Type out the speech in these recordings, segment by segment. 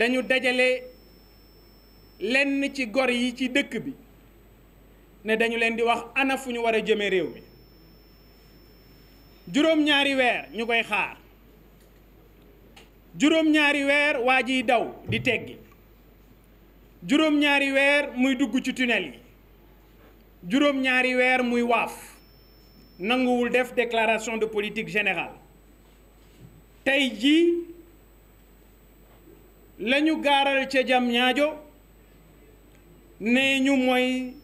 dañu dajale lenn ci gor yi ci dëkk bi ne dañu leen di wax ana fu ñu war a jëme réew mi juróom-ñaari weer ñu koy xaar juróom-ñaari weer waa jiy daw di teggi juróom-ñaari weer muy dugg ci tunnel yi juróom-ñaari weer muy waaf nanguwul def déclaration de politique général tey jii lañu gaaral ca jam ñaajo nee ñu mooy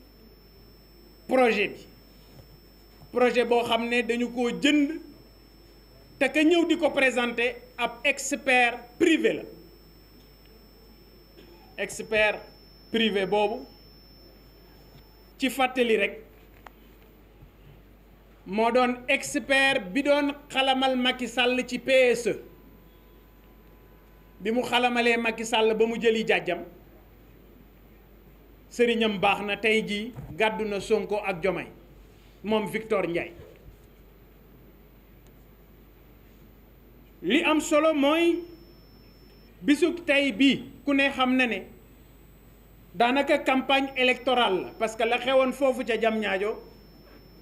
projet bi projet boo xam ne dañu ko jënd te ka ñëw di ko présenter ab expert privé la expert privé boobu ci fàttali rek moo doon expert bi doon xalamal Macky Sall ci ps e. bi mu xalamalee Macky sàll ba mu jëli jàjjam sëriñam baax na tey jii gàddu na Sonko ak Jomay moom Victor Ndiaye li am solo mooy bisub tey bi ku ne xam na ne daanaka campagne électorale la parce que la xewoon foofu ca jam ñaajo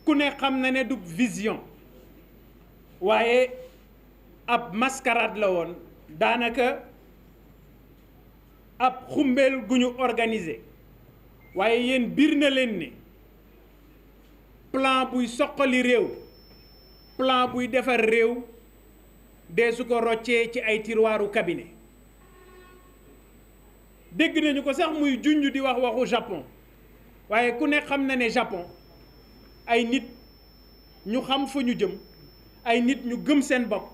ku ne xam na ne du vision waaye ab maskaraat la woon daanaka ab xumbel gu ñu organiser waaye yéen biir na leen ne plan buy soqali réew plan buy defar réew dee su ko roccee ci ay tiroiru cabinet dégg nañu ko sax muy junj di wax waxu Japon waaye ku ne xam na ne Japon ay nit ñu xam fa ñu jëm ay nit ñu gëm seen bopp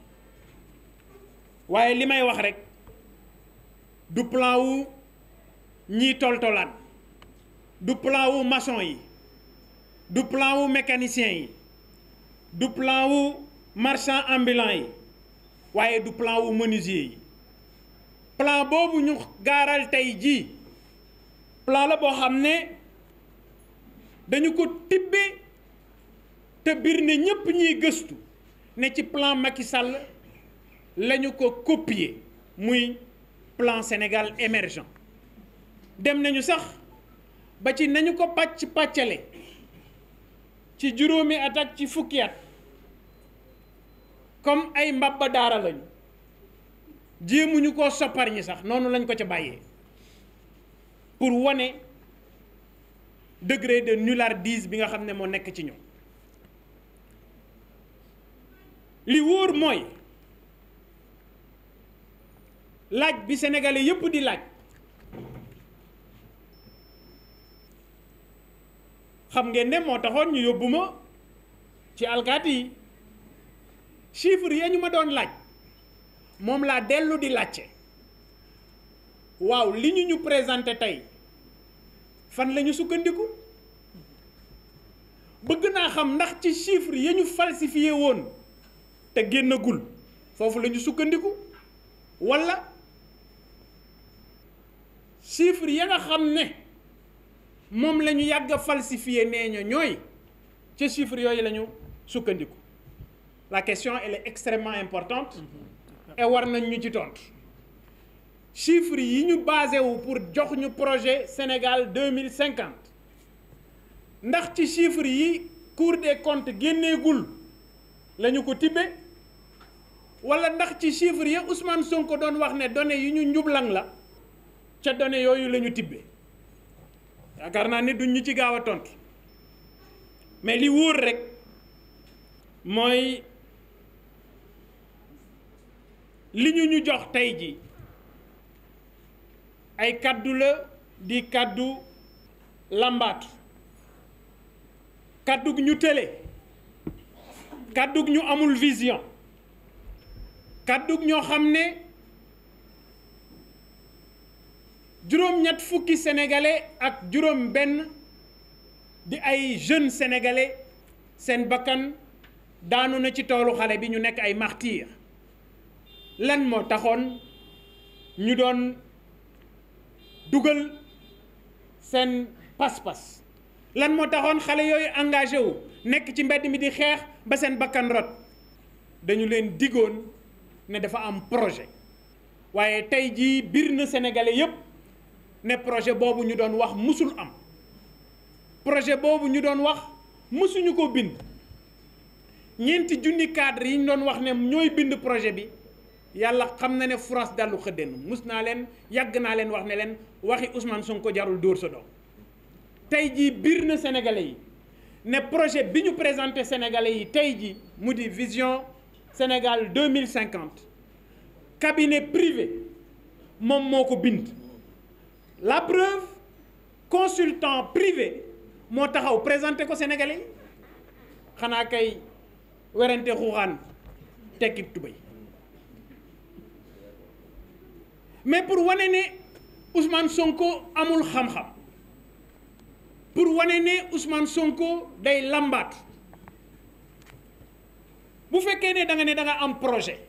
waaye li may wax rek du plan wu ñii toltolaat du plan wu mason yi du plan wu mécanicien yi du plan wu marchand ambulant yi waaye du plan wu menuisier yi plan boobu ñu gaaral tey jii plan la boo xam ne dañu ko tibbe te biir ne ñépp ñiy gëstu ne ci plan Macky Sall lañu ko copier Le plan Sénégal émergent Nous nañu sax ba ci nañu ko patch ci juroomi at ci fukki comme ay mbabba dara lañu ko soparñi sax pour degré de nullardise bi nga xamné mo nek laaj bi sénégalais yépp di laaj xam ngeen ne moo taxoon ñu yóbbu ma ci alkaati yi chiffre ya ñu ma doon laaj moom laa dellu di laajte waaw li ñu ñu présenté tey fan lañu sukkandiku bëgg naa xam ndax ci chiffre ya ñu falsifié woon te génnagul foofu lañu sukkandiku walla chiffre ya nga xam mom lañu yagg falsifier yàgg ñoy ci nee ña ñooy ca chiffre yooyu la sukkandiku la question elle est extrêmement importante et war nañ ñu ci tontu chiffre yi ñu basé wu pour jox ñu projet Sénégal 2050. ndax ci chiffre yi Cour des comptes génneegul la ñu ko tibé wala ndax ci chiffre yi Ousmane Sonko doon wax né données yi ñu njublang la. ca données yooyu lañu tibbe tibbee yaakaar naa ni duñ ñu ci gaaw a tontu mais li wóor rek mooy li ñu ñu jox tey ji ay kàddu la di kàddu làmbaatu kaddug ñu tële kaddug ñu amul vision kaddug ñoo xam ne juróom-ñett fukki sénégalais ak juróom-benn di ay jeunes sénégalais seen bakkan daanu na ci toolu xale bi ñu nekk ay martyrs lan moo taxoon ñu doon dugal seen pas-pas lan moo taxoon xale yooyu engagé wu nekk ci mbedd mi di xeex ba seen bakkan rot dañu leen digoon ne dafa am projet waaye tey ji biir na sénégalais yépp ne projet bobu ñu doon wax musul am projet bobu ñu doon wax musuñu ko bind ñeenti junni cadre yi ñu doon wax ne ñoy bind projet bi Yalla xam na ne France dalu wax ne nous waxi Ousmane Sonko jarul ne projet bi ñu présenter sénégalais yi vision Sénégal 2050. cabinet privé nous moko la preuve consultant privé présente taxaw présenté au Sénégalais yi kay de mais pour vous, Ousmane Sonko amul un pour les ne Ousmane Sonko day Si ne da un projet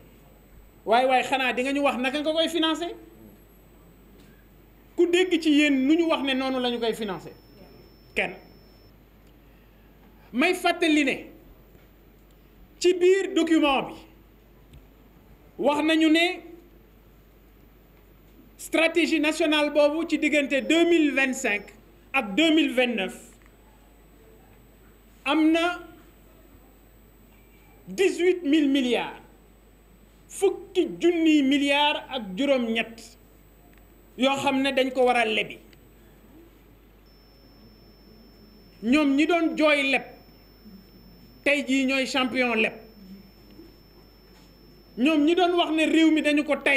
il ku dégg ci yéen a ñu wax ne noonu la ñu koy financer kenn may que, li ci biir document bi stratégie nationale pour 2025 ak 2029 am 18 000 milliards fukki junni milliards ak juróom nous sommes dit dañ ko war lebi Nous ñi doon nous tayji champions champion dit qu'ils ñi doon wax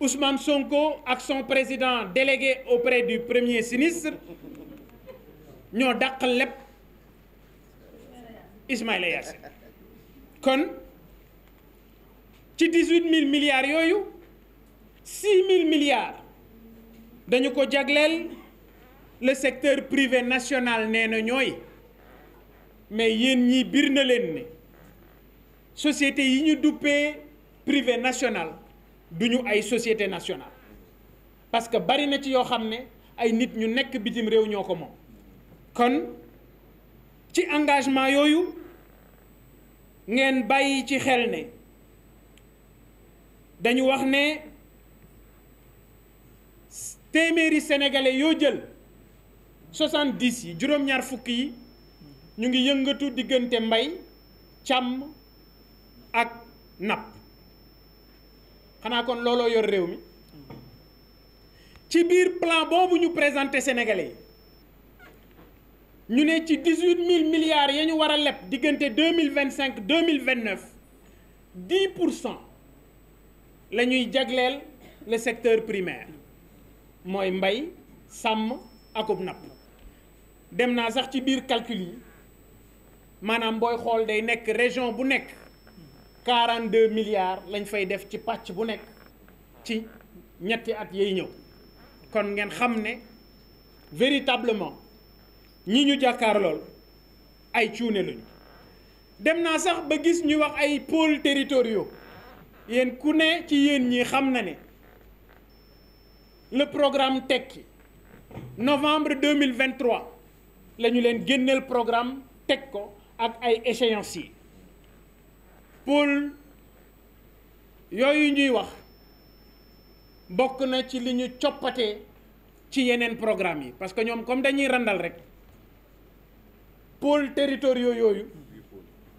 Ousmane Sonko son président délégué auprès du premier sinistre Nous sommes leb Ismaïla Yassine Donc, ci dix 18 milliards six mille milliards dañu ko jagleel le secteur privé national nee na mais yéen ñii biir ne société yi ñu duppee privé national duñu ay société nationale parce que bari na ci yo xamné ay nit ñu nek bitim réew ñoko mom. kon ci engagement yoyu ngeen bayyi ci xel dañu wax ne téméri sénégalais yo 70 yi djuroom nous fukk ñu ngi cham ak nap xana kon lolo yor ci plan bobu ñu présenté sénégalais nous né 18 000 milliards yañu wara lepp digënté 2025 2029 10% lañuy jaglél le secteur primaire mooy mbay sàmm akub napp dem naa sax ci biir calcul yi maanaam booy xool day nekk région bu nekk quarante 42 milliards lañ fay def ci pàcc bu nekk ci ñetti at yay ñëw kon ngeen xam ne véritablement ñi ñu jàkkaar lool ay cuune lañu dem naa sax ba gis ñu wax ay pôles territoriaux yéen ku ne ci yéen ñi xam na ne le programme TEC, novembre 2023 nous avons leen le programme TEC ko ak ay Pour yi pôle yooyu ñuy wax bokk na ci li ci programme yi parce que sommes comme dañuy randal rek pôle territoire yooyu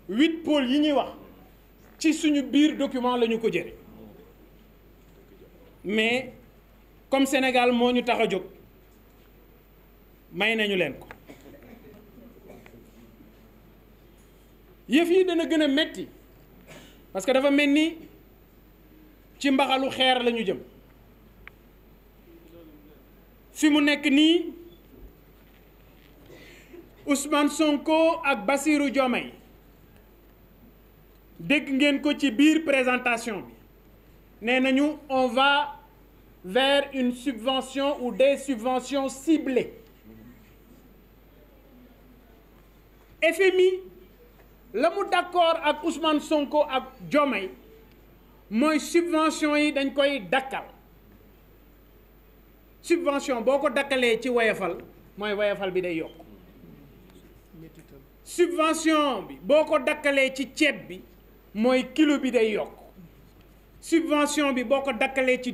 8 pôles yi ñuy wax ci suñu biir document le ko jéré mais comme Sénégal nous ñu tax yi dana parce que dafa sommes ci mbaxalu xeer lañu jëm fi mu nekk Ousmane Sonko ak Bassirou Diomaye ngeen ko présentation nous allons on va vers une subvention ou des subventions ciblées. FMI la d'accord avec Ousmane Sonko et Diomaye mooy subvention yi dañ koy dakar subvention boo ko dakkalee ci wayafal mooy wayafal bi day yokk subvention bi boo ko d'accord ci ceeb bi mooy kilo bi day yokk subvention bi d'accord ko dakkalee ci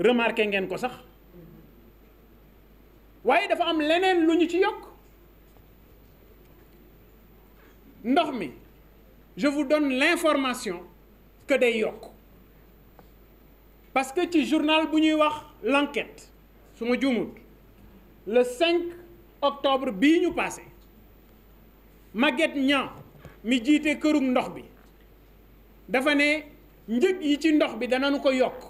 remarqué ngeen ko sax waaye dafa am leneen lu ñu ci yokk ndox mi je vous donne l'information que day yokk parce que ci journal bu wax l'enquête su le 5 octobre bii ñu passé Maguette ñan mi jiite kërug ndox bi dafa ne njëg yi ci ndox bi danañu ko yokk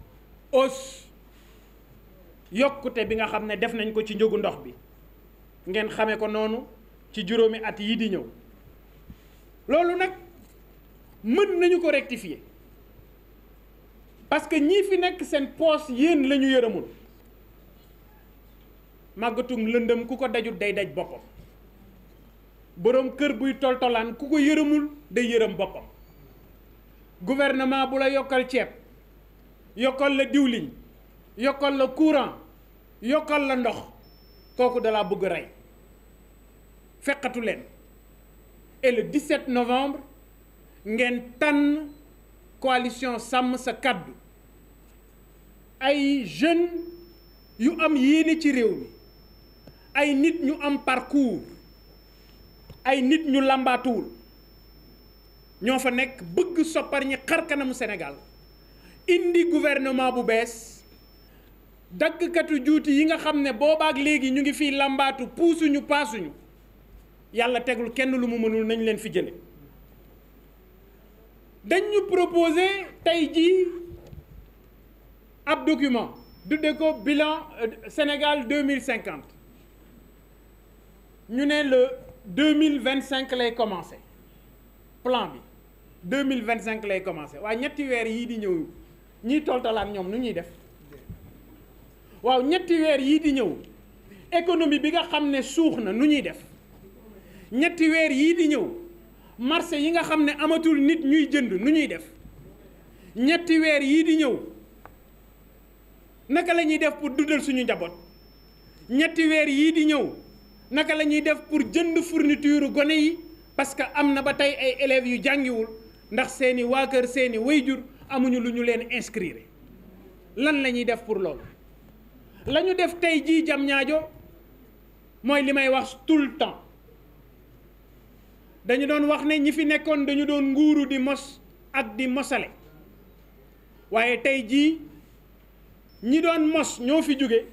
hausse yokkute bi nga xam ne def nañ ko ci njëgu ndox bi ngeen xamee ko noonu ci juróomi at yi di ñëw loolu nag mën nañu ko rectifier parce que ñii fi nekk seen poos yéen lañu yërëmul màggatum lëndëm ku ko dajul day daj boppam boroom kër buy toltolaan ku ko yërëmul day yërëm boppam gouvernement bu la yokkal ceeb yokal la diwliñ yokal la courant yokal la ndox de la bëgg ray feqatu len et le 17 novembre N'gentan tan coalition Sam sa kaddu ay jeunes yu am yeni ci réew mi ay nit ñu am parcours ay nit ñu làmbaatuwul ñoo fa nekk bëgg soppar ñi xar kanamu Sénégal indi gouvernement bu bees daggkatu juuti yi nga xamne ne boobaak léegi ñu ngi pousu ñu passu ñu yalla tegul kenn lu mu mënul nañ leen fi jële dañ ñu proposé tay ji ab document de ko bilan euh, Sénégal 2050 ñu ne le 2025 lay commencé plan bi 2025 lay commencé Wa ñetti wër yi di ñëw ñiy toltalaat ñoom nu ñuy def waaw ñetti weer yii di ñëw économie bi nga ne suux na nu ñuy def ñetti weer yii di ñëw marché yi nga ne amatul nit ñuy jënd nu ñuy def ñetti weer yii di ñëw naka la def pour dundal suñu njaboot ñetti weer yii di ñëw naka la def pour jënd fourniture gone yi parce que am na ba tey ay élèves yu jàngiwul ndax seeni seeni wayjur amuñu lu ñu leen inscrire lan la ñuy def pour loolu lañu def tey jii jam ñaajo mooy li may wax tout le temps dañu doon wax ne ñi fi nekkoon dañu doon nguuru di mos ak di mosale waaye tey jii ñi doon mos ñoo fi jóge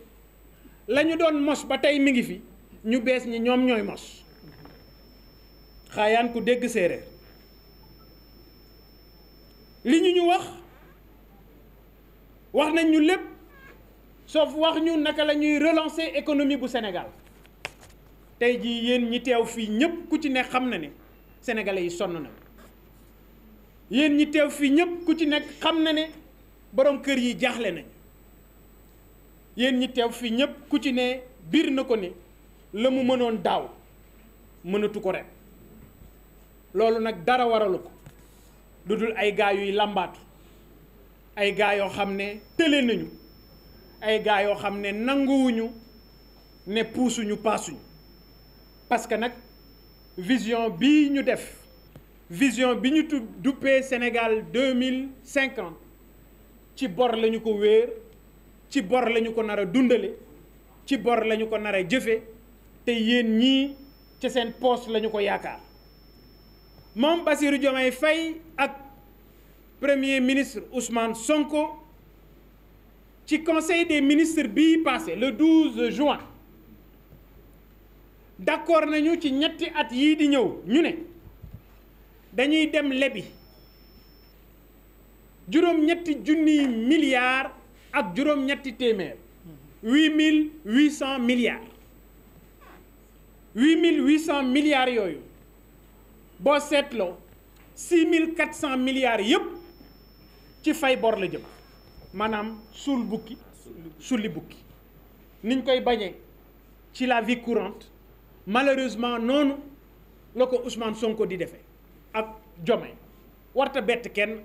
la ñu doon mos ba tey mi ngi fi ñu bees ñi ñoom ñooy mos xaayaan ku dégg séeréer li ñu ñu wax wax nañ ñu lépp sauf wax ñu naka la relancer économie bu Sénégal tey ji yéen ñi teew fii ñëpp ku ci ne xam na ne sénégalais yi sonn na yéen ñi teew fii ñëpp ku ci nekk xam na ne borom kër yi jaaxle nañ yéen ñi teew fii ñëpp ku ci ne biir na ko ne la mu mënoon daaw mënatu ko ren loolu dara waralu ko lu ay gaa yuy ay gaay yoo xam ne tële ay Nous yoo xam ne nanguwuñu ne puusuñu parce que nag vision bii ñu def vision bi ñu Sénégal 2050, ci bor lañu ko wéer ci bor lañu ko nar a ci bor lañu ko nar a jëfe te yéen ñii ci seen poste la mon basirou diomay fay le premier ministre Ousmane Sonko ci conseil des ministres passé le 12 juin d'accord nañu ci ñetti at yi di ñew ñu dem lebi ñetti milliards ak juróom-ñetti témèr huit milliards 8 800 milliards yoyu si c'est milliards milliards yëpp ci fay bor la jëm manam sul bukki sulli bukki niñ koy la vie courante malheureusement non, loko Ousmane Sonko di défé ak Diomaye warta bett kenn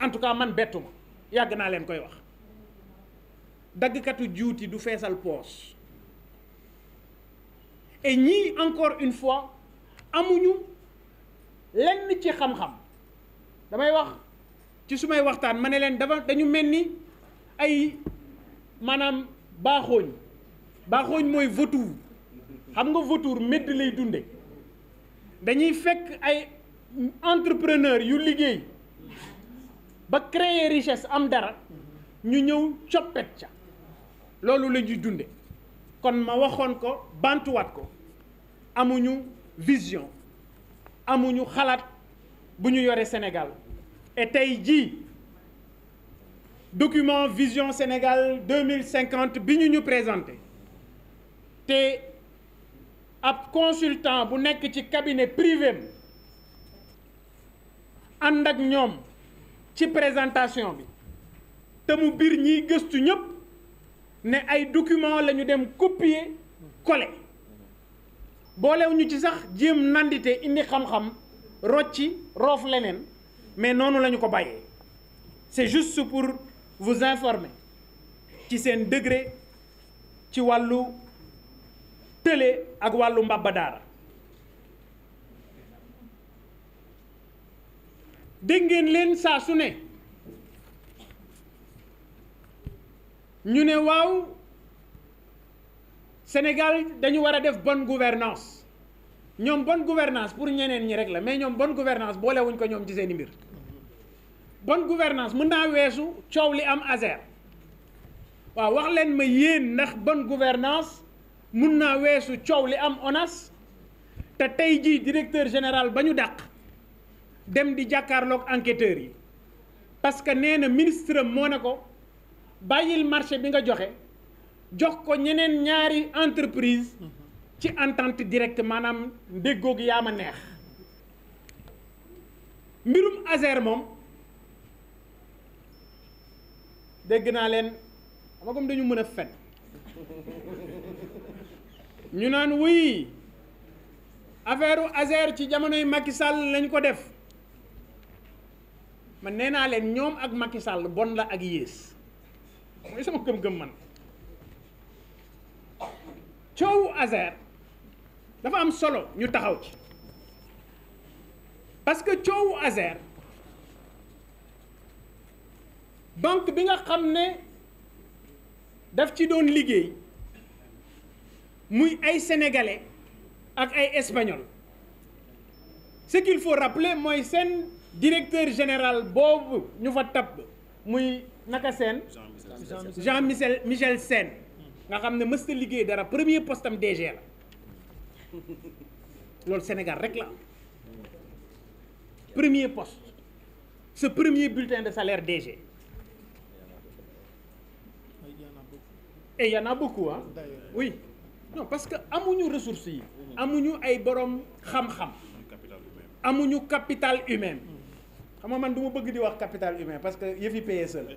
en tout cas man bettuma yàgg koy wax daggkatu djouti du fessal pos et ñi encore une fois amuñu lenn ci xam-xam damay wax ci sumay waxtaan ma ne leen dafa dañu mel ni ay maanaam baaxooñ baaxoñ mooy vautour xam nga vautour medd lay dunde dañuy fekk ay entrepreneur yu liggéey ba créer richesse am dara ñu ñëw coppet ca loolu la ñuy dunde kon ma waxoon ko bantuwaat ko amuñu vision amuñu xalat buñu Sénégal et document vision Sénégal 2050 nous ñu présenté consultant bu cabinet privé Nous ak présentation bi té mu bir ay document lañu dem coller boolewuñu ci sax jéem nandite indi xam-xam rocci roof leneen mais noonu la ko bayé c'est juste pour vous informer ci sen degré ci wàllu télé ak wàllu mbabba dara dégg ngeen sa saa su ñu né waw Sénégal dañu war a def bonne gouvernance ñoom bonne gouvernance pour ñeneen ñi rek la mais ñoom bon gouvernance boolewuñ ko ñoom ci seen i mbir bonne gouvernance mën naa weesu coow li am ASER waaw wax leen ma yéen ndax bonne gouvernance mun naa weesu coow li am ONAS te tey jii directeur général ba ñu dàq dem di jàkkaarloog enquêteurs yi parce que nee na ministre moo ne ko bàyyil marché bi nga joxe jox ko ñeneen ñaari entreprise ci entente direct maanaam ndéggoog yaa ma neex mbirum Azer moom dégg naa leen xam nga comme dañu mën a fet ñu naan wuy affaire Azer ci jamonoy Macky Sall lañ ko def man nee naa leen ñoom ak Macky Sall bon la ak yées mooy sama gëm-gëm man coowu Azer dafa am solo ñu taxaw ci parce que coowu Azer banque bi nga xam ne daf ci doon liggéey muy ay sénégalais ak ay espagnol ce qu'il faut rappeler mooy seen directeur général boobu ñu fa tabb muy naka Jean Michel Michel Sen nga xamné ne mësta liggéey dara premier poste am DG la loolu Sénégal rek la premier poste ce premier bulletin de salaire DG et y en a beaucoup hein oui non parce que amuñu ressources yi amuñu ay borom xam-xam amuñu capital humain xam nga man duma bëgg di wax capital humain parce que yefi PSE seul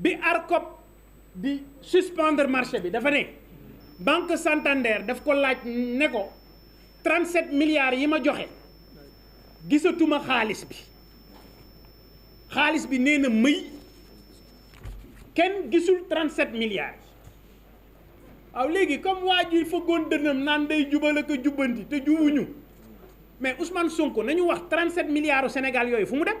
bi ARCOP di suspendre marché bi dafa ne banque Santander daf ko laaj ne ko 37 milliards yi ma joxe gisatuma xaalis bi xaalis bi nee na mëy kenn gisul 37 milliards waaw léegi comme waa ji fëggoon dënam naan day jubal ak jubbanti te jubuñu mais Ousmane Sonko nañu wax 37 milliards au Sénégal yooyu fu mu dem.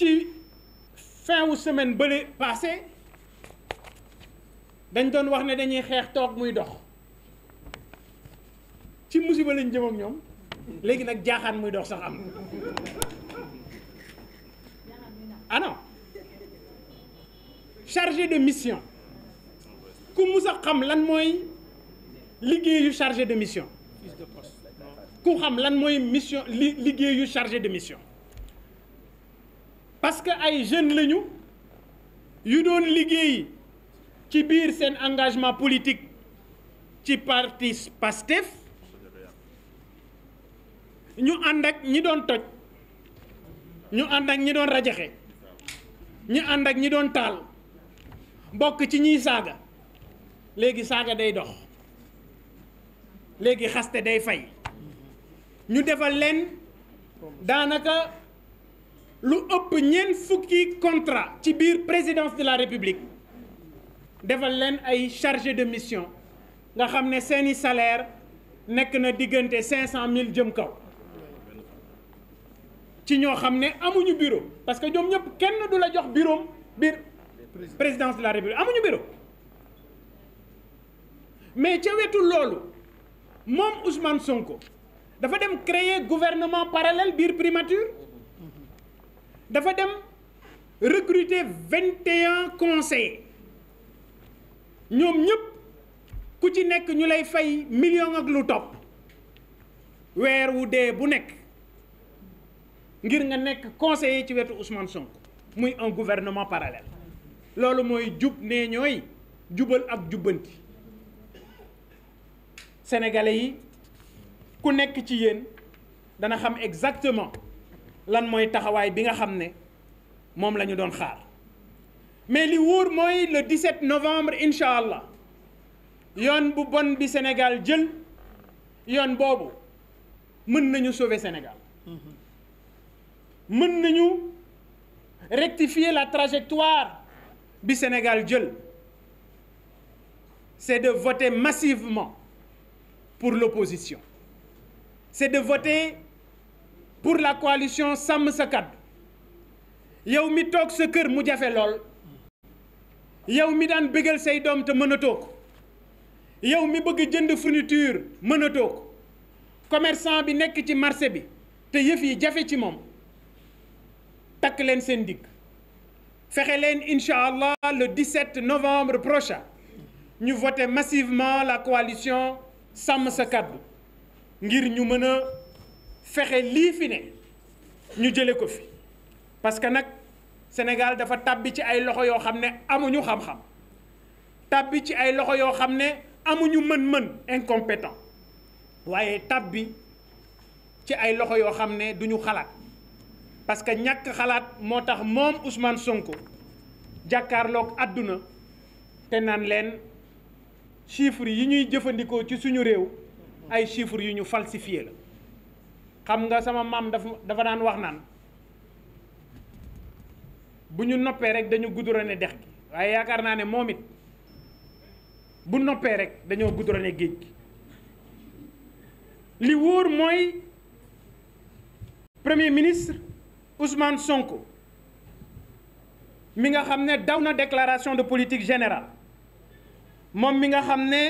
ci fin ou semaine passée passé dañ doon ne muy dox ci musiba jëm ak muy dox sax ah non chargé de mission ku musa xam lan chargé de mission ku xam lan mission li chargé de mission parce que ay jeunes lañu yu doon liggéey ci biir seen engagement politique ci parti PASTEF ñu ànd ak ñi doon toj ñu ànd ak ñi doon rajaxe ñu ànd ak ñi doon taal bokk ci ñiy saaga léegi saaga day dox léegi xaste day fay ñu defal leen daanaka. lu ëpp ñeent fukki contrat ci présidence de la république defal leen ay chargé de mission nga xam ne salaire nekk na ne cinq 500 000 jëm kaw ci ñoo amuñu bureau parce que ñoom ñëpp kenn du la jox bureau bir présidence de la république amuñu bureau mais ca tout loolu Mom Ousmane Sonko dafa dem créer gouvernement parallèle bir primature dafa dem recruter 21 conseils. conseillers Ils ont ku ci millions ñu fay million ak lu top weer wu bu nek ngir nga conseiller un gouvernement parallèle lolu moy djub né ñoy jubal ak sénégalais yi ku exactement lan mooy taxawaay bi nga xam ne moom la ñu doon xaar mais li wóor mooy le 17 novembre incha allah yoon bu bon bi Sénégal jël yoon boobu mën nañu sauver Sénégal mën nañu rectifier la trajectoire bi Sénégal c'est de voter massivement pour l'opposition c'est de voter pour la coalition Sam sa kàddu yow mi tok sa kër mu jafe lol. yow mi dan bëggal say dom te mënatoo tok. yow mi bëgg jënd fourniture mënatoo tok. commerçant bi nek ci marché bi te yëf yi jafe ci mom. Tak leen seen digg leen inshallah le 17 novembre prochain ñu voter massivement la coalition Sam sa kàddu ngir ñu mën fexe lii fi ne ñu jële ko fi parce que nak, Sénégal dafa tàbbi ci ay loxo yoo xam ne amuñu xam-xam tàbbi ci ay loxo yoo xam amuñu mën-mën incompétent waaye tàbbi ci ay loxo yoo xam duñu xalaat parce que ñàkk xalaat moo mom moom Ousmane Sonko jàkkaarloog àdduna te naan leen chiffres yi ñuy jëfandikoo ci suñu réew ay chiffres yu ñu falsifié la xam nga sama mam dafa dafa daan wax naan bu ñu noppee rek dañu gudurane dex gi waaye yaakaar naa ne moom it bu noppee rek dañoo gudurane géej gi li wóor mooy premier ministre Ousmane Sonko mi nga xam ne daw na déclaration de politique générale moom mi nga xam ne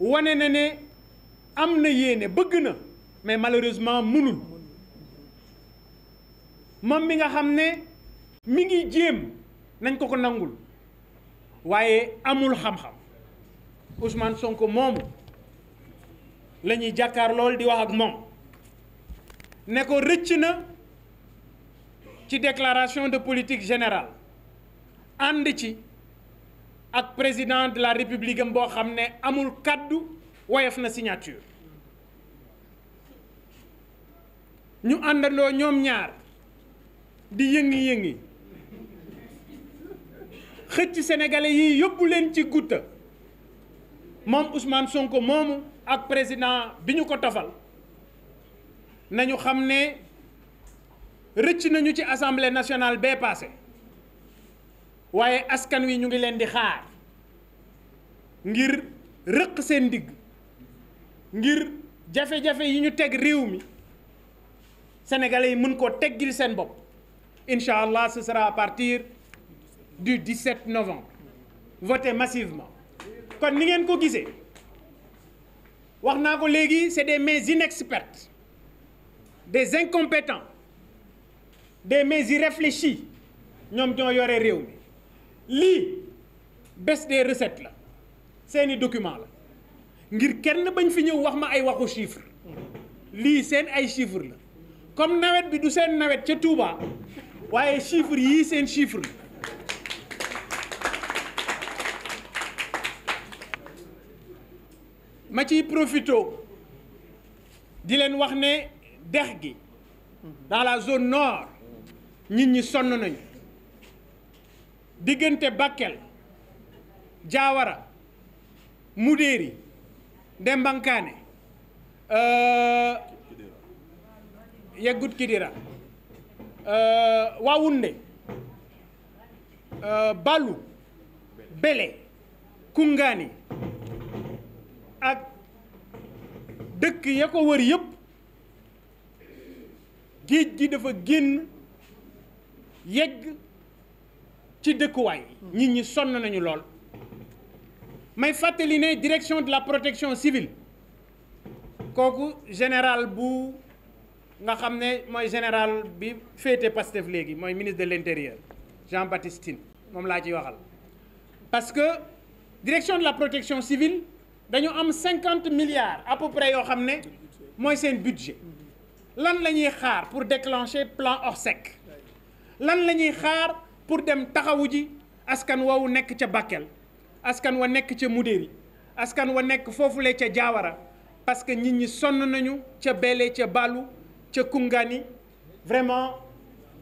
wane na ne am na yéene bëgg na mais malheureusement qui mom mi nga xamné mi ngi amul xam-xam Ousmane Sonko mom. lañuy lol di wax ak déclaration de politique générale And ci ak président de la république am xamné amul Kadu, wayef na signature ñu andalo ñom ñaar di yëngi yëngi xëcc sénégalais yi yobbu len ci goutte mom Ousmane Sonko moomu ak président biñu ko tafal nañu xamné ne rëcc nañu ci assemblée nationale bé passé waaye askan wi ñu ngi len di xaar ngir rëq seen digg ngir jafe-jafe yi ñu teg réew mi sénégalais yi mën koo teggil sen bop inshallah ce sera à partir du 17 novembre votez massivement kon ni ngeen ko gisee waxna ko légui c'est des mains inexpertes des incompétents des mains irréfléchis ñom ñoo yoré réew mi li baisse des recettes la seeni document la ngir kenn bañ fi ñëw wax ma ay waxu chiffre li seen ay chiffre la comme nawet bi du seen nawet ca Touba waaye chiffre yi seen chiffre ma ciy profito di leen wax ne dex gi dans la zone nord nit ñi sonn nañu diggante Bakel jaawara Mudéeri Dembankaane euh, yeggut Kidira euh, Waoundé euh, Balu Bélé Kungani, ak deuk ya wër yëpp géej gi dafa génn yegg ci dëkkuwaay nit ñi sonn nañu lool may direction de la protection civile koku général Bou nga xamné moy général bi fété Pastef légui moy ministre de l'intérieur Jean-Baptiste mom la ci waxal parce que direction de la protection civile dañu am 50 milliards à peu près yo xamné moy sen budget lan lañuy xaar pour déclencher plan Orsec lan lañuy xaar pour dem taxawu ji askan woowu nekk ci Bakel askan wa nek ci Moudéri askan wa nekk foofule ci jawara parce que nit ñi sonn nañu ca Bélé ca Balu Kungani, vraiment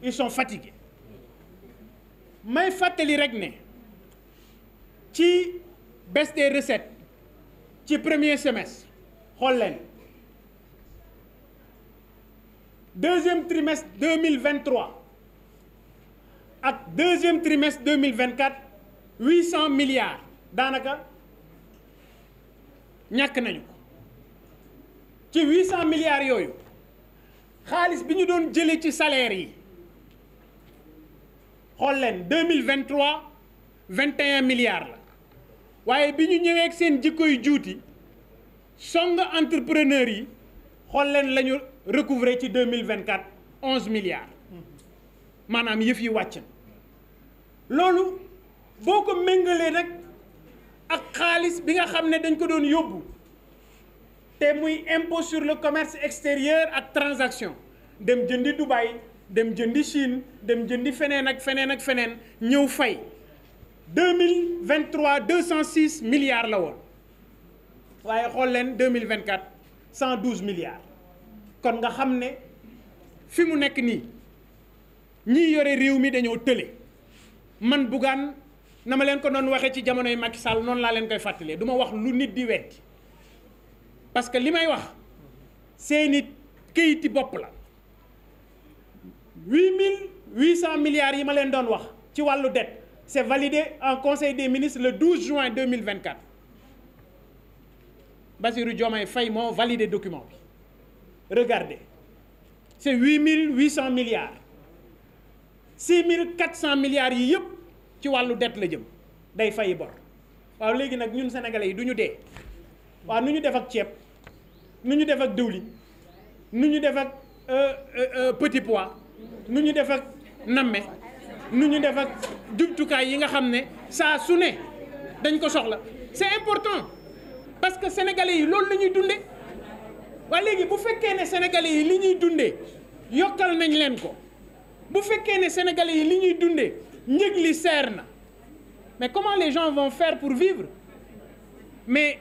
ils sont fatigués Mais Fateli les qui baisse des recettes qui premier semestre Hollande, deuxième trimestre 2023 et deuxième trimestre 2024 800 milliards Danaka, n'y a ci 800 milliards Khalis bi ñu doon jëlé ci salaire yi 2023 21 milliards la waaye bi ñu ñëwee ak seen jikkoy juuti song entrepreneur yi xol leen la recouvré ci 2024 11 milliards maanaam yëf yi wàcc loolu boo ko méngalee nag ak xaalis bi nga xam ne dañ ko doon yóbbu Témoin muy impôt sur le commerce extérieur à transaction dem jëndi Dubaï dem jëndi Chine dem jëndi feneen ak feneen ak fay 2023 206 milliards la woon waaye 2024 112 milliards kon nga xam ne fi ni, nekk nii ñii yore réew mi dañoo tële man Bougane na ma leen ko doon waxee ci jamonoy Macky Sall noonu laa leen koy fàttalee du wax lu nit di weddi parce que ce que c'est une est populaire. 8 800 milliards, je vous donne, tu vois le dette. C'est validé en Conseil des ministres le 12 juin 2024. Basirou Diomaye Faïmo validé le document. Regardez. C'est 8 800 milliards. 6 400 milliards, yup, tu vois le dette. Le dette. Il faut y aller. Nous, les Sénégalais, nous sommes des. Nous sommes des nous devons def ak nous euh, euh, euh, petit pois Nous devons def ak Nous def ak c'est important parce que sénégalais yi la bu sénégalais yi li ñuy dundee nañ leen ko sénégalais yi mais comment les gens vont faire pour vivre mais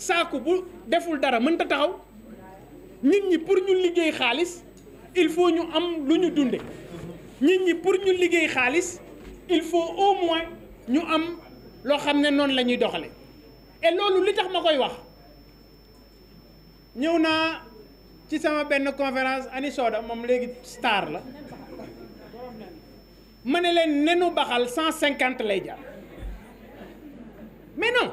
saaku bu deful dara mënta taxaw nit ñi pour ñu liggéey xaalis il faut ñu am lu ñu dunde nit ñi pour ñu liggéey xaalis il faut au moins ñu am loo xam ne noonu la ñuy doxale et loolu li tax ma koy wax ñëw naa ci sama benn conférence ani Soda moom léegi star la ma ne leen nenu baxal 150 lay jar mais non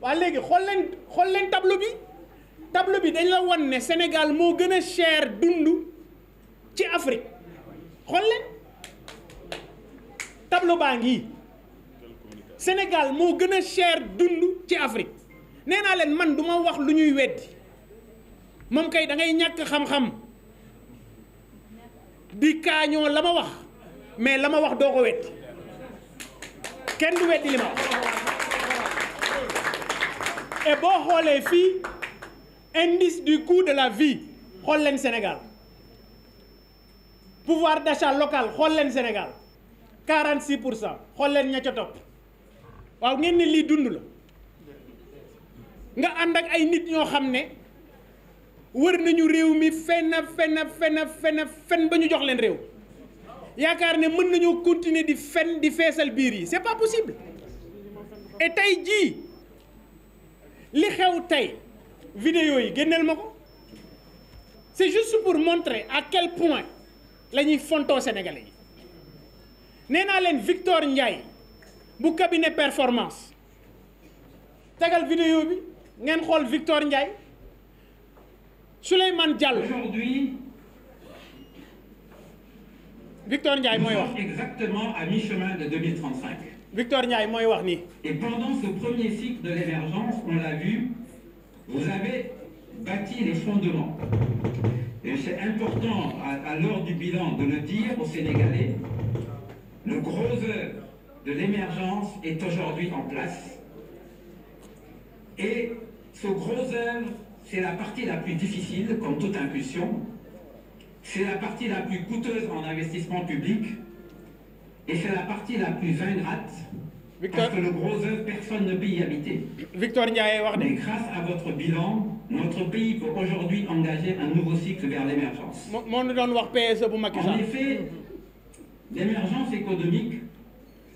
waa léegi xool leen xool leen tableau bi tablo bi dañ la wan ne Sénégal moo gën a cher dund ci Afrique xool leen tableau baa ngi Sénégal moo gën a cher dund ci Afrique nee naa leen man du ma wax lu ñuy weddi moom kay da ngay ñàkk xam-xam di kaañoo la ma wax mais la ma wax doo ko weddi kenn du weddi li ma wax et bon, oh, les filles, indice du coût de la vie oh, le Sénégal pouvoir d'achat local oh, le Sénégal 46 pour cent Vous avez vu ca topp waaw dund nga ak ay mi fen fen jox ne mën continuer di fen di fessel biir yi c'est pas possible et tay li xew vidéo c'est juste pour montrer à quel point les ñuy Sénégalais Je nee Victor Ndiaye bu cabinet performance la vidéo bi avons vu Victor Ndiaye Souleymane Diallo aujourd'hui Victor Ndiaye moi. exactement à mi-chemin de 2035 Victor moi Et pendant ce premier cycle de l'émergence, on l'a vu, vous avez bâti les fondements. Et c'est important, à, à l'heure du bilan, de le dire aux Sénégalais, le gros œuvre de l'émergence est aujourd'hui en place. Et ce gros œuvre, c'est la partie la plus difficile, comme toute impulsion. C'est la partie la plus coûteuse en investissement public, et c'est la partie la plus ingrate. Parce que le gros œuvre, personne ne peut y habiter. Victor grâce à votre bilan, notre pays peut aujourd'hui engager un nouveau cycle vers l'émergence. E en effet, l'émergence économique,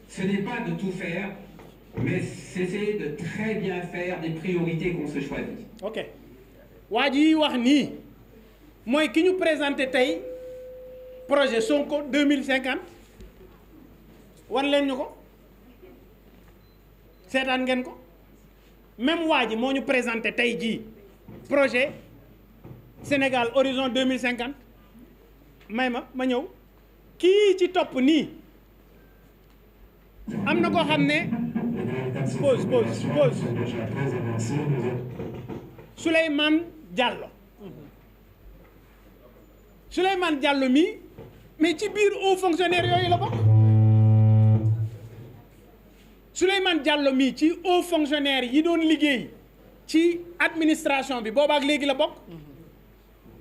ce n'est pas de tout faire, mais c'est de très bien faire des priorités qu'on se choisit. Ok. Wadi moi qui nous présente le projet Sonko 2050 wan leen ñu ko seetaan ngeen ko même Waji moi moo ñu présenté tey projet Sénégal horizon 2050 même, cinquante Qui ma ma ñëw kii ci topp pause pause pause Souleymane Diallo Souleymane Diallo mi, mais ci biir haut fonctionnaire yoy la bokk. Suleiman Diallo mi ci haut fonctionnaire yi doon liggéey ci administration bi la bok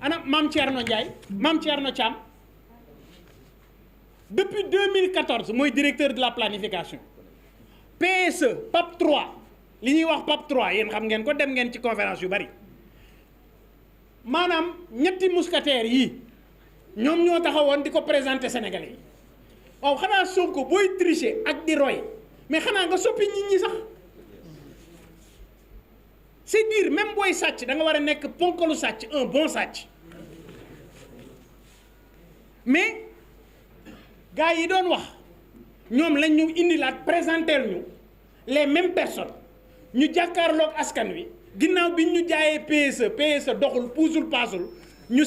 ana mam Thierno depuis 2014 suis directeur de la planification PSE PAP 3 li ñi PAP 3 yeen xam ngeen ko dem ngeen ci conférence yu bari manam ñetti mousquetaires yi ñom ñoo diko présenter Sénégalais yi Sonko mais xana nga soppi nit sax c'est dire même boy tu da nga wara nek un bon satch mais gars yi doon wax ñom lañ ñu la présenter les mêmes personnes ñu ak askan wi nous nous ñu jaayé PSE PSE e doxul Puzzle, pasul ñu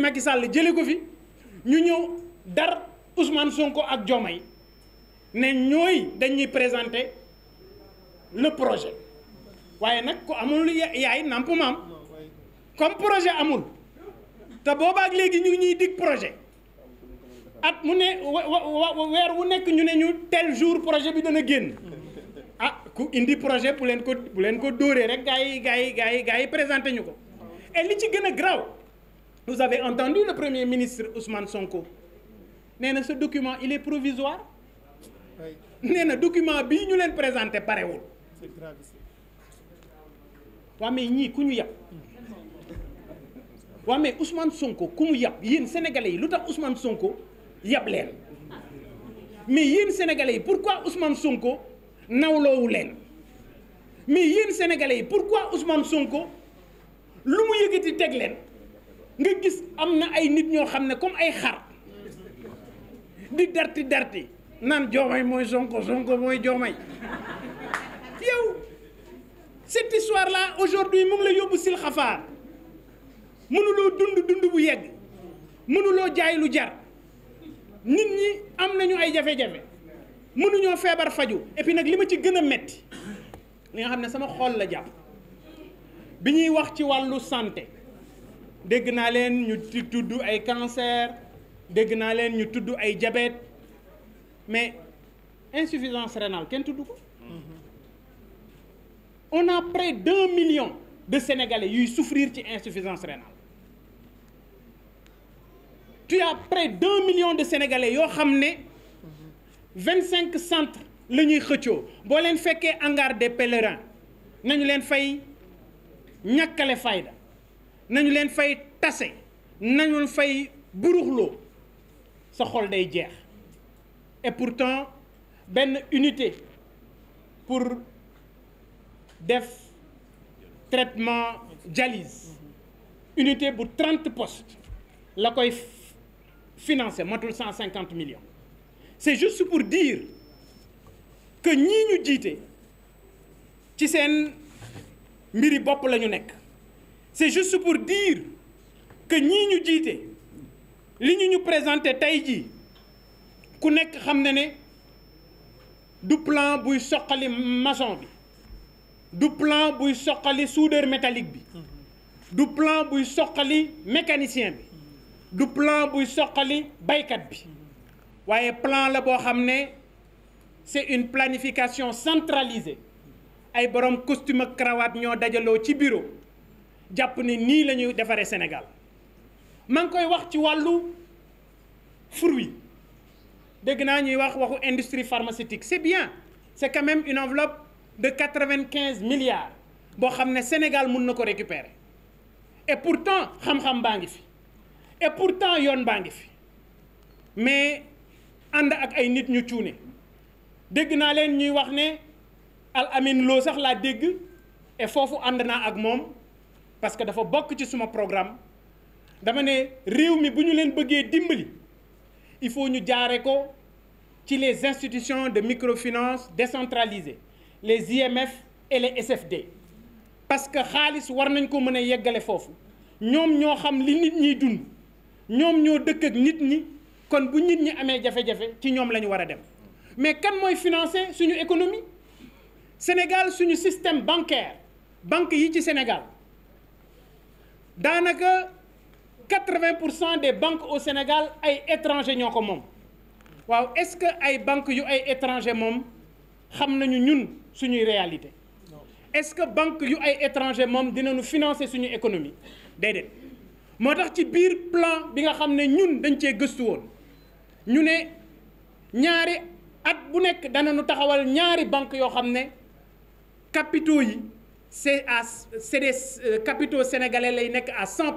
Macky Sall fi ñu dar Ousmane Sonko ak ne ñooy dañuy présenter le projet waaye nag ku amul yaay nàmp maam comme projet amul te boobaak léegi ñu ngi ñuy dig projet at mu ne weer wu nekk ñu ne ñu tel jour projet bi dana génn ah ku indi projet bu leen ko bu leen ko dóoree rek gars yi gars yi gars yi et li ci gën a grave vous avez entendu le premier ministre Ousmane Sonko nee na ce document il est provisoire nee na document bii ñu leen présenté parewul waa mais ñii ku ñu yàpp waa mais Ousmane sunko ku mu yàpp yéen sénégalais yi lu tax Ousmane Sonko yàpp leen mais yéen sénégalais yi pourquoi Ousmane Sonko nawloowu leen mais yéen sénégalais yi pourquoi Ousmane Sonko lu mu yëkkati teg leen nga gis am na ay nit ñoo xam ne comme ay xar di darti darti Djomay, moi Djomay. cette histoire là aujourd'hui mu le la yóbbu sil xafaar mënuloo dund dund bu yegg mënuloo jaay lu jar nit ñi am nañu ay Les faju et puis nous li ci gën nous metti fait nga sama xol la jàpp bi wax ci santé len ñu ay cancer de naa nous ñu tous ay diabète mais insuffisance rénale que tu on a près 2 millions de sénégalais qui souffrent ci insuffisance rénale tu as près 2 millions de sénégalais qui ont ramené 25 centres la ñuy xëccoo fait leen ont des pèlerins nañu leen fay fait fayda nañu leen fay fait nañu fay sa et pourtant ben unité pour def traitement dialyse unité pour 30 postes la koy financé 150 millions c'est juste pour dire que nous nous jiite ci mbiri bop c'est juste pour dire que nous nous jiite li nous ñu présenté ku nek xamne ne du plan buy soqali maçon bi du plan buy soqali soudeur métallique bi du plan buy soqali mécanicien bi du plan buy soqali baykat bi waaye plan la bo xam c'est une planification centralisée ay borom costume ak cravate ño dajalo ci bureau jàpp ni nii la ñuy Sénégal mang koy wax ci walu fruit dégg ñuy wax waxu industrie pharmaceutique c'est bien c'est quand même une enveloppe de 95 milliards Bon, xam le Sénégal ne peut récupérer et pourtant xam-xam a fi et pourtant yon baa fi mais ànd ak ay nit ñu cuune dégg naa leen ñuy wax ne al amin loo sax laa dégg et foofu ànd naa ak moom parce que dafa bokk ci suma programme dama ne réew mi bu ñu leen dimbali il faut ñu nous ko ci les institutions de microfinance décentralisées les IMF et les SFD parce que les war nañ ko mën a yeggale Ils ñoom ce xam li nit ñiy dund ñoom ñoo dëkk ak nit ñi kon bu nit ñi amé jafé jafé ci ñom lañu wara mais kan moy financer suñu économie Sénégal suñu système bancaire banque yi ci Sénégal danaka 80 des banques au Sénégal ay étranger ñoo ko waaw est-ce que ay banques yu ay étranger moom xam ñun réalité est-ce que banque yu ay étranger moom dinañu financer suñu économie déedéet moo tax ci biir plan bi nga xam ne ñun dañ cee gëstu woon ñu ñaari at bu nekk danañu taxawal ñaari banque yo xamné capitaux yi c'est à c'est des euh, capitaux sénégalais lay nek à 100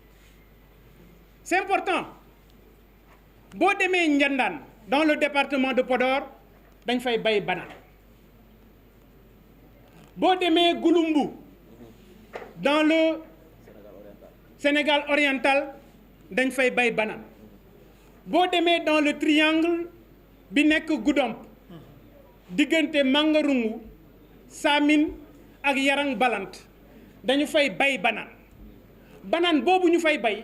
c'est important boo demee Ndiandane dans le département de Podor dañ fay bay banane boo demee Gouloumbou dans le Sénégal oriental dañ fay bay banane vous demee dans le triangle bi Goudomp diguente Mangarungu Samin et Yarang Balant dañu fay bay banane banane boobu ñu fay bay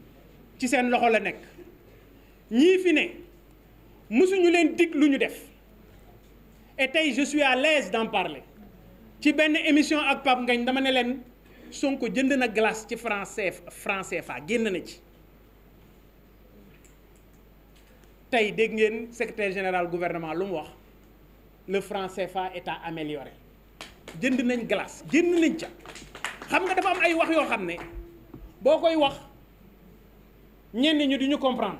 ci seen loxo la fi ne leen dig lu ñu def et je suis à l'aise d'en parler ci une émission ak dama ne leen Sonko jënd na glace ci français français fa na ci secrétaire général gouvernement le franc CFA est à améliorer jënd nañ glace génn nañ ca xam nga dafa am ay wax yoo ñen ñi du comprendre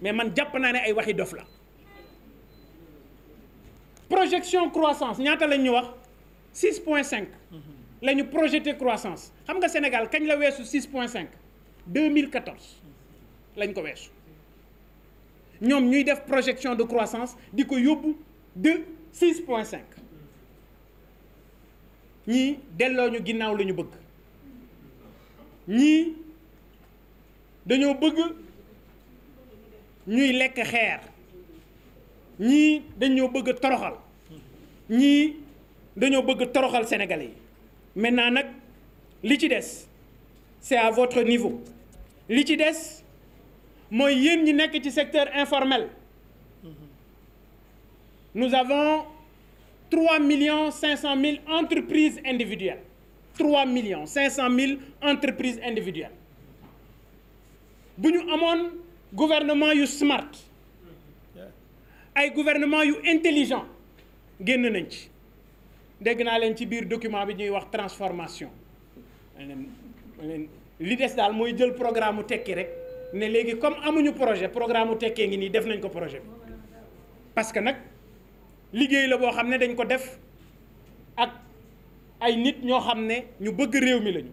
mais man japp n'a ne ay waxi dof la projection croissance ñata lañ ñu wax avons lañu projeter croissance xam nga Sénégal kañ la 6.5 6.5 2014 lañ ko Nous ñom ñuy def projection de croissance diko yobbu de 6.5 nous delo ñii delloo ñu ginnaaw la bëgg nous bëgg ñuy lekk xeer ñii dañoo bëgg toroxal ñii dañoo bëgg toroxal sénégalais yi maintenant Sénégalais. li ci c'est à votre niveau li ci des mooy secteur informel nous avons 3 500 000 entreprises individuelles 3 500 000 entreprises individuelles buñu amone gouvernement yu smart ay gouvernement yu intelligent génn nañ ci dégg naa leen ci biir document bi ñuy wax transformation li des daal mooy jël programme mu tekki rek ne léegi comme amuñu projet programme mu tekkee ngi nii def nañ ko projet bi parce que nag liggéey la boo xam ne dañ ko def ak ay nit ñoo xam ne ñu bëgg réew mi lañu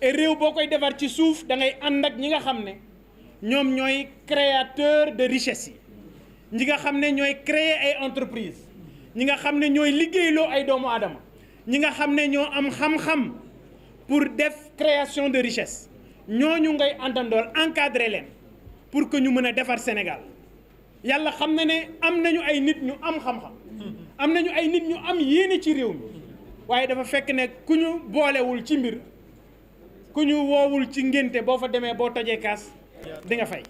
et réew boo koy defar ci souf da ngay ànd ak ñi nga xamné ñom ñoy ñooy créateur de richesse ñi nga xamné ñoy créer ay entreprise ñi nga xamné ñoy liggéey lo ay doomu aadama ñi nga xamné ño am xam-xam pour def création de richesse ñooñu ngay àndandool encadrer leen pour que ñu mëna a defar Sénégal yalla xam na ne am nañu ay nit ñu am xam-xam am nañu ay nit ñu am yéene ci réew mi waaye dafa fekk ne ku ñu boolewul ci mbir kuñu wowul ci ngenté bo fa démé bo Mangi nyanyi di nga fay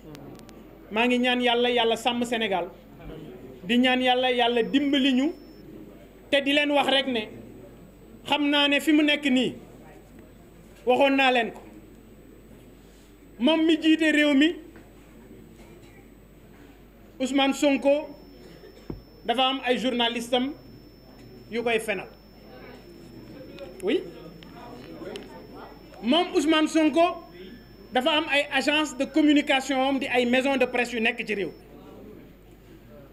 ma ngi ñaan yalla yalla sam Sénégal di ñaan yalla yalla dimbali ñu té di leen wax rek né xamna né fimu nekk ni waxon na leen ko mom mi jité réew mi Ousmane Sonko dafa am ay journalistam yu koy fenal oui moom Ousmane Sonko dafa am ay agence de communication am di ay maison de presse yu nekk ci réew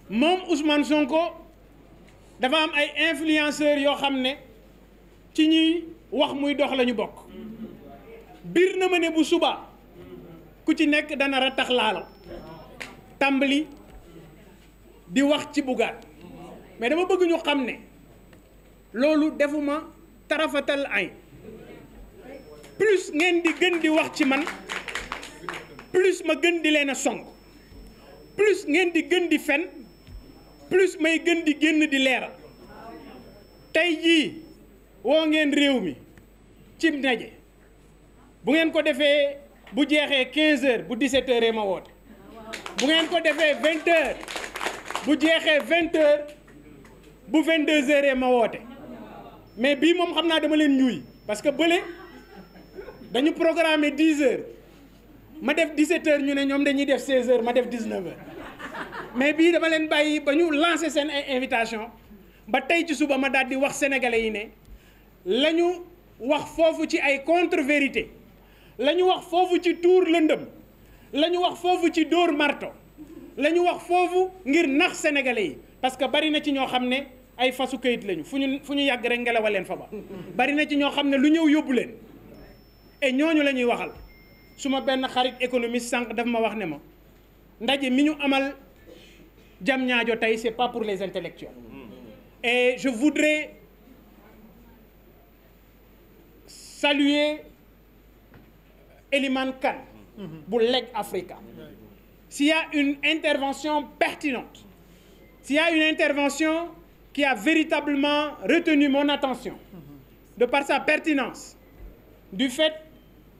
moom Ousmane Sonko dafa am ay influenceurs yoo xam ne ci ñuy wax muy dox la ñu bokk biir na ma ne bu suba ku ci nekk dana ratax laalo tàmbali di wax ci Bougane mais dama bëgg ñu xamné lolu defuma tarafatal ay plus ngeen di gën di wax ci man plus ma gën di leen a song plus ngeen di gën di fen plus may gën di génn di leeral tey jii woo ngeen réew mi ci ndaje bu ngeen ko defee bu jeexee 15 heures bu 17 heures ma woote bu ngeen ko defee 20 heures bu jeexee 20 heures bu 22 heures ma woote mais bii moom xam naa dama leen ñuy parce que bële dañu programmé 10 heures ma def 17 heures ñu né ñom dañuy 16 heures ma def 19 heures mais bi dama len bayyi ba ñu lancé invitation ba tay ci suba ma dal di wax sénégalais yi né la wax fofu ci ay contre vérité wax tour ci la wax fofu ci tour marto la wax fofu ngir nax sénégalais yi parce que bari na ci ñoo xamné ay fasu keuyit lañu fuñu nous yag rek ngelawaleen fa ba bari na ci lu ñew et ñooñu la ñuy waxal suma ma benn xarit économiste sànq daf ma wax ne ma ndaje mi ñu amal jam ñaajo c'est pas pour les intellectuels et je voudrais saluer Eliman Khan bu Leg Africa s'il y a une intervention pertinente s'il y a une intervention qui a véritablement retenu mon attention de par sa pertinence du fait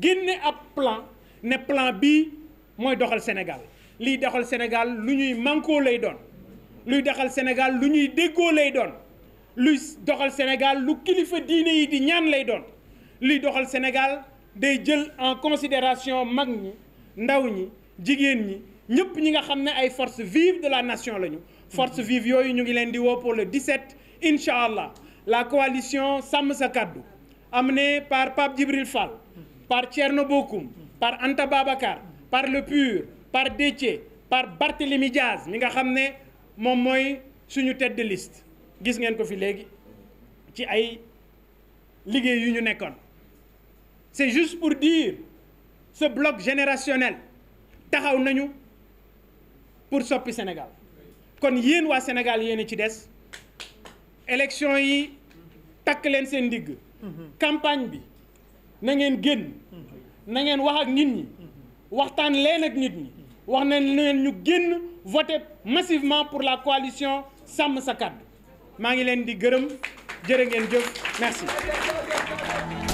génne ab plan ne plan bi moy doxal Sénégal li doxal Sénégal lu ñuy mànkoo lay doon luy doxal Sénégal lu ñuy déggoo lay doon luy doxal Sénégal lu kilifa diiné yi di ñaan lay doon li doxal Sénégal day jël en considération mag ñi ndaw ñi jigéen ñi ñëpp ñi nga xamné ay forces vives de la nation lañu forces vives yoyu ñu ngi leen di wo pour le 17 inshallah la coalition Sam sa kaddu amenée par Pape jibril Fall par Tcherno Bokoum, par Anta Babacar, par Le Pur, par Détier, par Barthélémy Diaz, qui nga xam ne moom tête de liste gis voyez ko fi léegi ci ay liggéey yu ñu c'est juste pour dire ce bloc générationnel taxaw nañu pour soppi Sénégal kon yéen au Sénégal y a ci des élection yi takk leen La mhm. campagne bi na ngeen génn na ngeen wax ak nit ñi waxtaan leen ak nit ñi wax nañ leen ñu génn voter massivement pour la coalition sàmm sa kàddu maa ngi leen di gërëm jërë ngeen jëf merci